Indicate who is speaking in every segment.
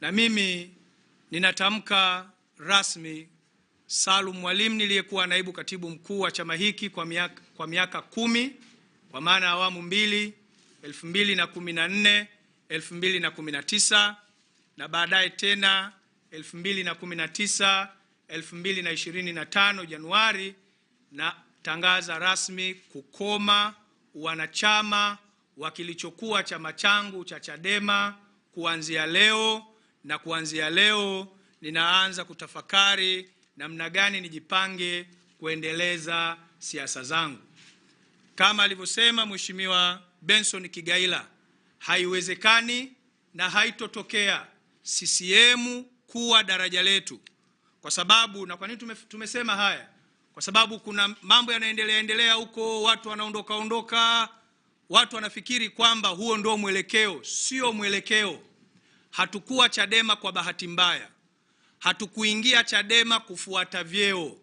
Speaker 1: Na mimi ninatamka rasmi Salum Mwalimu niliyekuwa naibu katibu mkuu wa chama hiki kwa miaka, kwa miaka kumi kwa maana awamu mbili 2014 2019 na baadaye tena 2019 2025 Januari na tangaza rasmi kukoma wanachama wa kilichokuwa chama changu cha Chadema kuanzia leo na kuanzia leo ninaanza kutafakari namna gani nijipange kuendeleza siasa zangu. Kama alivyosema Mheshimiwa Benson Kigaila, haiwezekani na haitotokea CCM kuwa daraja letu. Kwa sababu na kwa nini tume, tumesema haya? Kwa sababu kuna mambo yanaendelea endelea huko, watu wanaondoka ondoka, watu wanafikiri kwamba huo ndio mwelekeo. Sio mwelekeo. Hatukuwa Chadema kwa bahati mbaya, hatukuingia Chadema kufuata vyeo,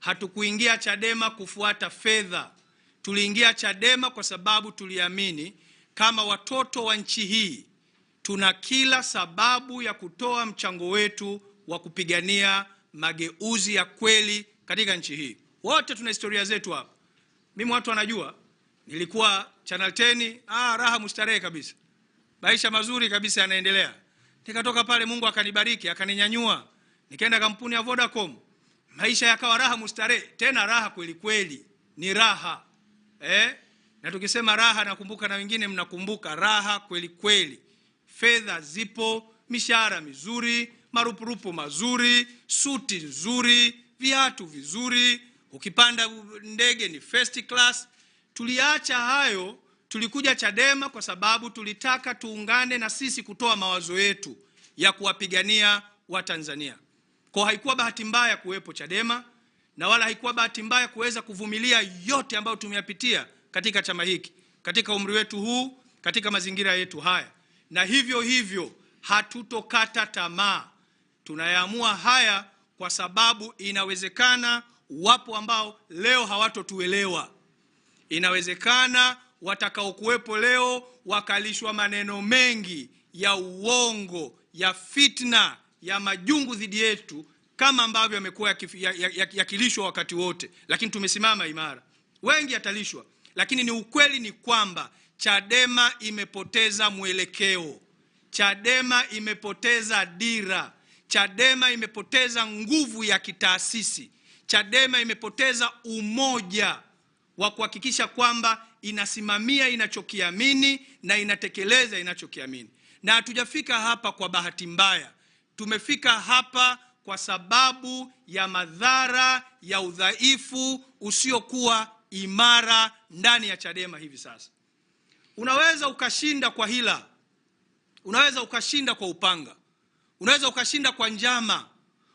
Speaker 1: hatukuingia Chadema kufuata fedha. Tuliingia Chadema kwa sababu tuliamini kama watoto wa nchi hii tuna kila sababu ya kutoa mchango wetu wa kupigania mageuzi ya kweli katika nchi hii. Wote tuna historia zetu hapa. Mimi watu wanajua nilikuwa Channel 10, ah, raha mustarehe kabisa, maisha mazuri kabisa yanaendelea. Nikatoka pale Mungu akanibariki akaninyanyua, nikaenda kampuni ya Vodacom, maisha yakawa raha mustarehe, tena raha kweli kweli, ni raha eh? Na tukisema raha, nakumbuka na wengine mnakumbuka raha kweli kweli, fedha zipo, mishahara mizuri, marupurupu mazuri, suti nzuri, viatu vizuri, ukipanda ndege ni first class. Tuliacha hayo Tulikuja Chadema kwa sababu tulitaka tuungane na sisi kutoa mawazo yetu ya kuwapigania Watanzania. Kwa haikuwa bahati mbaya kuwepo Chadema na wala haikuwa bahati mbaya kuweza kuvumilia yote ambayo tumeyapitia katika chama hiki, katika umri wetu huu, katika mazingira yetu haya, na hivyo hivyo hatutokata tamaa. Tunayaamua haya kwa sababu inawezekana wapo ambao leo hawatotuelewa, inawezekana watakaokuwepo leo wakalishwa maneno mengi ya uongo, ya fitna, ya majungu dhidi yetu kama ambavyo yamekuwa yakilishwa wakati wote, lakini tumesimama imara. Wengi yatalishwa, lakini ni ukweli ni kwamba Chadema imepoteza mwelekeo, Chadema imepoteza dira, Chadema imepoteza nguvu ya kitaasisi, Chadema imepoteza umoja wa kuhakikisha kwamba inasimamia inachokiamini na inatekeleza inachokiamini. Na hatujafika hapa kwa bahati mbaya, tumefika hapa kwa sababu ya madhara ya udhaifu usiokuwa imara ndani ya Chadema hivi sasa. Unaweza ukashinda kwa hila, unaweza ukashinda kwa upanga, unaweza ukashinda kwa njama,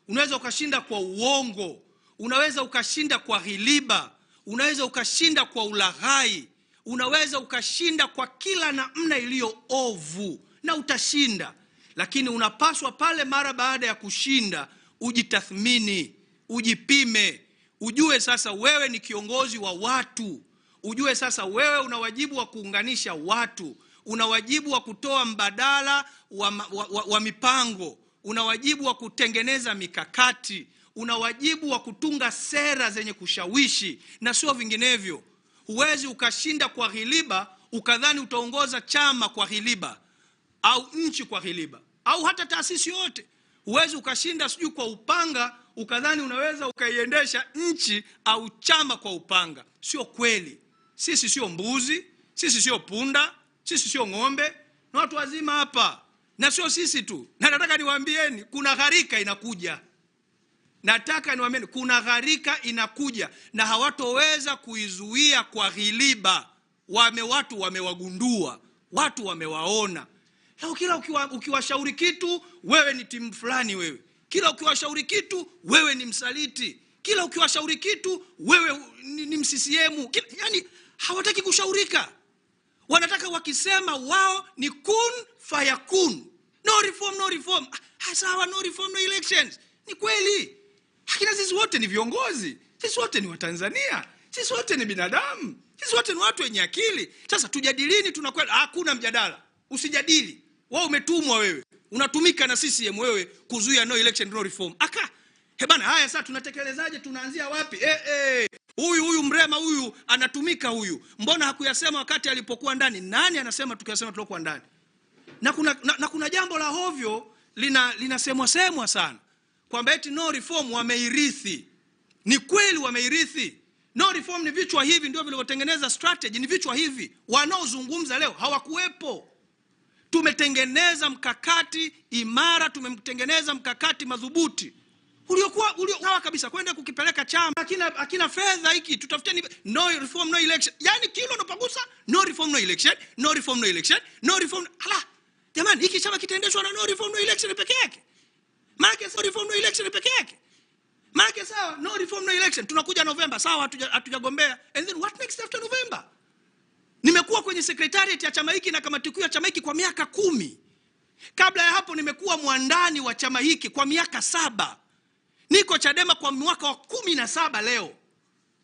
Speaker 1: unaweza ukashinda kwa uongo, unaweza ukashinda kwa hiliba, unaweza ukashinda kwa ulaghai, unaweza ukashinda kwa kila namna iliyo ovu na utashinda lakini unapaswa pale mara baada ya kushinda ujitathmini ujipime ujue sasa wewe ni kiongozi wa watu ujue sasa wewe una wajibu wa kuunganisha watu una wajibu wa kutoa mbadala wa, wa, wa, wa mipango una wajibu wa kutengeneza mikakati una wajibu wa kutunga sera zenye kushawishi na sio vinginevyo Huwezi ukashinda kwa ghiliba ukadhani utaongoza chama kwa ghiliba au nchi kwa ghiliba au hata taasisi yote. Huwezi ukashinda sijui kwa upanga ukadhani unaweza ukaiendesha nchi au chama kwa upanga. Sio kweli. Sisi sio mbuzi, sisi sio punda, sisi sio ng'ombe, na watu wazima hapa, na sio sisi tu. Na nataka niwaambieni, kuna gharika inakuja. Nataka niwaambieni kuna gharika inakuja na hawatoweza kuizuia kwa ghiliba. Wame watu wamewagundua, watu wamewaona. kila ukiwashauri ukiwa kitu, wewe ni timu fulani, wewe kila ukiwashauri kitu, wewe ni msaliti, kila ukiwashauri kitu, wewe ni, ni msisiemu. Yani hawataki kushaurika, wanataka wakisema wao ni kun fayakun, no reform, no reform. Ah, sawa, no reform, no elections. Ni kweli Nafikiria sisi wote ni viongozi, sisi wote ni Watanzania, sisi wote ni binadamu, sisi wote ni watu wenye akili. Sasa tujadilini, tunakwenda hakuna mjadala, usijadili wewe. Umetumwa wewe, unatumika na CCM wewe kuzuia no election no reform. Aka hebana, eh, haya sasa tunatekelezaje? Tunaanzia wapi? Eh, eh. Huyu huyu Mrema huyu anatumika huyu, mbona hakuyasema wakati alipokuwa ndani? Nani anasema tukiyasema tulokuwa ndani? Na kuna, na, na kuna jambo la hovyo lina linasemwa semwa sana kwamba eti no reform wameirithi. Ni kweli wameirithi. No reform ni vichwa hivi ndio vilivyotengeneza strategy, ni vichwa hivi. Wanaozungumza leo hawakuwepo. Tumetengeneza mkakati imara, tumemtengeneza mkakati madhubuti uliokuwa ulio sawa kabisa kwenda kukipeleka chama akina, akina fedha hiki tutafute ni no reform no election. Yani kilo unapagusa no reform no election, no reform no election, no reform. Ala jamani, hiki chama kitaendeshwa na no reform no election peke yake? maanake sio reform no election peke yake maanake sawa no reform no election tunakuja novemba sawa hatujagombea and then what next after november nimekuwa kwenye secretariat ya chama hiki na kamati kuu ya chama hiki kwa miaka kumi kabla ya hapo nimekuwa mwandani wa chama hiki kwa miaka saba niko chadema kwa mwaka wa kumi na saba leo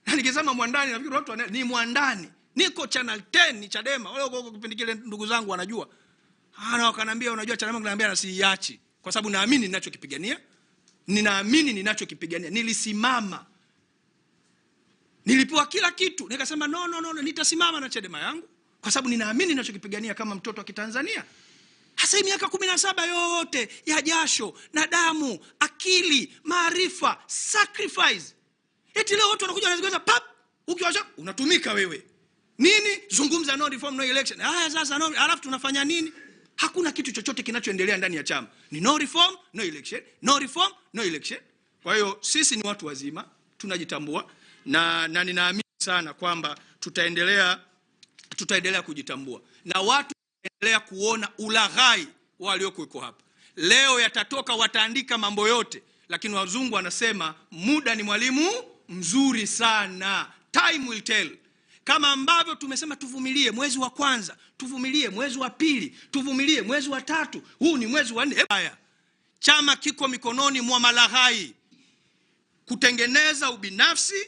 Speaker 1: na nikisema mwandani nafikiri watu ni mwandani niko channel 10 ni chadema wale kipindi kile ndugu zangu wanajua ana wakanambia unajua chadema kinaambia na siiachi kwa sababu naamini ninachokipigania, ninaamini ninachokipigania. Nilisimama, nilipewa kila kitu, nikasema no, no, no, no nitasimama na Chadema yangu kwa sababu ninaamini ninachokipigania kama mtoto wa Kitanzania. Hasa miaka kumi na saba yoyote ya jasho na damu, akili, maarifa, sacrifice. Eti leo watu wanakuja wanazigeza pap, ukiwasha unatumika wewe. Nini? Zungumza no reform no election. Haya sasa no, alafu tunafanya nini? Hakuna kitu chochote kinachoendelea ndani ya chama, ni no reform, no election, no reform, no election. Kwa hiyo sisi ni watu wazima tunajitambua, na, na ninaamini sana kwamba tutaendelea, tutaendelea kujitambua na watu wataendelea kuona ulaghai waliokuweko hapa leo. Yatatoka, wataandika mambo yote, lakini wazungu wanasema muda ni mwalimu mzuri sana, time will tell kama ambavyo tumesema tuvumilie mwezi wa kwanza, tuvumilie mwezi wa pili, tuvumilie mwezi wa tatu, huu ni mwezi wa nne. Haya, chama kiko mikononi mwa malahai kutengeneza ubinafsi,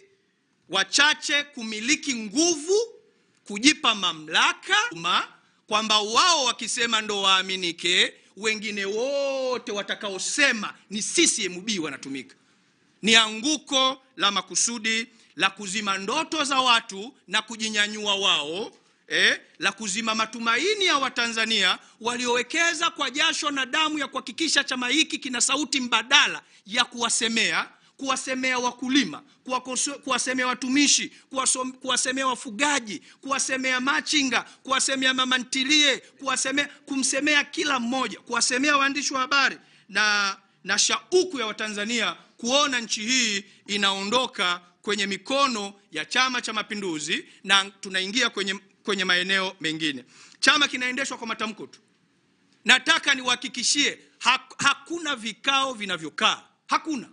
Speaker 1: wachache kumiliki nguvu, kujipa mamlaka, kwamba wao wakisema ndo waaminike, wengine wote watakaosema ni CCM wanatumika. Ni anguko la makusudi la kuzima ndoto za watu na kujinyanyua wao eh, la kuzima matumaini ya Watanzania waliowekeza kwa jasho na damu ya kuhakikisha chama hiki kina sauti mbadala ya kuwasemea kuwasemea wakulima, kuwasemea watumishi, kuwasemea wafugaji, kuwasemea machinga, kuwasemea mamantilie kuwasemea, kumsemea kila mmoja, kuwasemea waandishi wa habari na, na shauku ya Watanzania kuona nchi hii inaondoka kwenye mikono ya Chama cha Mapinduzi na tunaingia kwenye, kwenye maeneo mengine. Chama kinaendeshwa kwa matamko tu. Nataka niwahakikishie hakuna vikao vinavyokaa, hakuna.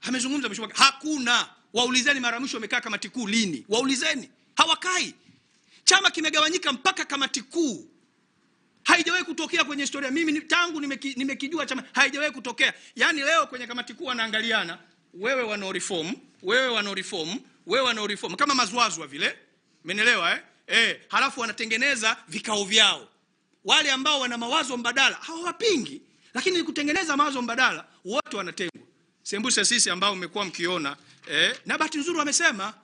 Speaker 1: Amezungumza mheshimiwa, hakuna. Waulizeni mara mwisho wamekaa kamati kuu lini? Waulizeni, hawakai. Chama kimegawanyika mpaka kamati kuu haijawahi kutokea kwenye historia. Mimi tangu nimekijua chama haijawahi kutokea. Yaani leo kwenye kamati kuu wanaangaliana wewe wano reform, wewe wano reform, wewe wano reform kama mazwazwa vile, umeelewa eh? Eh, halafu wanatengeneza vikao vyao. Wale ambao wana mawazo mbadala hawawapingi, lakini kutengeneza mawazo mbadala wote wanatengwa. Sembuse sisi ambao mmekuwa mkiona eh, na bahati nzuri wamesema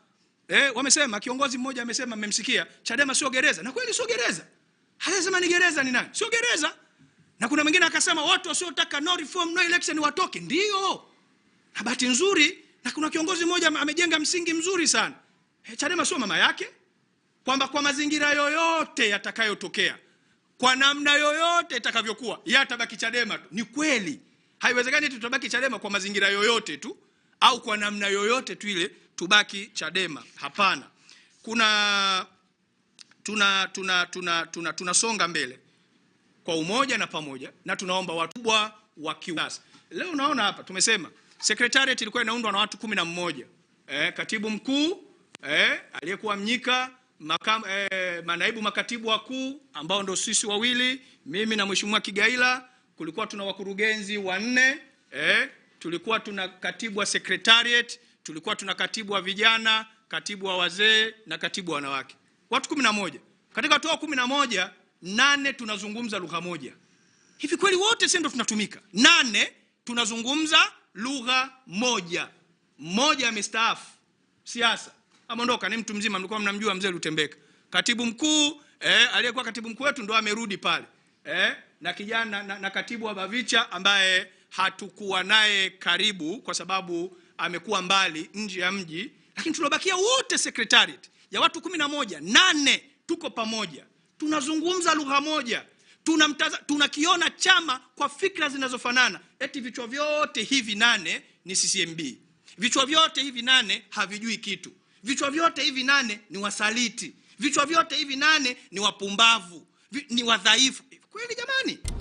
Speaker 1: eh, wamesema kiongozi mmoja amesema, mmemsikia, Chadema sio gereza, na kweli sio gereza. Anasema ni gereza ni nani? Sio gereza. Na kuna mwingine akasema watu wasiotaka no reform no election watoke. Ndio na bahati nzuri na kuna kiongozi mmoja amejenga msingi mzuri sana e, chadema sio mama yake kwamba kwa mazingira yoyote yatakayotokea kwa namna yoyote itakavyokuwa yatabaki chadema tu ni kweli haiwezekani tutabaki chadema kwa mazingira yoyote tu au kwa namna yoyote tu ile tubaki chadema hapana kuna tuna tuna tuna tuna tunasonga mbele kwa umoja na pamoja na tunaomba watu wa kiwasa leo unaona hapa tumesema Sekretariat ilikuwa inaundwa na watu kumi na mmoja eh, katibu mkuu eh, aliyekuwa Mnyika makam, eh, manaibu makatibu wakuu ambao ndio sisi wawili mimi na mheshimiwa Kigaila. Kulikuwa tuna wakurugenzi wanne eh, tulikuwa tuna katibu wa secretariat, tulikuwa tuna katibu wa vijana, katibu wa wazee na katibu wa wanawake, watu kumi na moja. Katika watu kumi na moja, nane tunazungumza lugha moja. Hivi kweli wote sisi ndio tunatumika? Nane tunazungumza lugha moja. Mmoja amestaafu siasa, ameondoka, ni mtu mzima, mlikuwa mnamjua mzee Lutembeka. Katibu mkuu eh, aliyekuwa katibu mkuu wetu ndo amerudi pale eh, na kijana na, na katibu wa Bavicha ambaye hatukuwa naye karibu kwa sababu amekuwa mbali nje ya mji, lakini tuliobakia wote sekretariat ya watu kumi na moja, nane tuko pamoja, tunazungumza lugha moja tunakiona chama kwa fikra zinazofanana, eti vichwa vyote hivi nane ni CCMB, vichwa vyote hivi nane havijui kitu, vichwa vyote hivi nane ni wasaliti, vichwa vyote hivi nane ni wapumbavu, ni wadhaifu. Kweli jamani?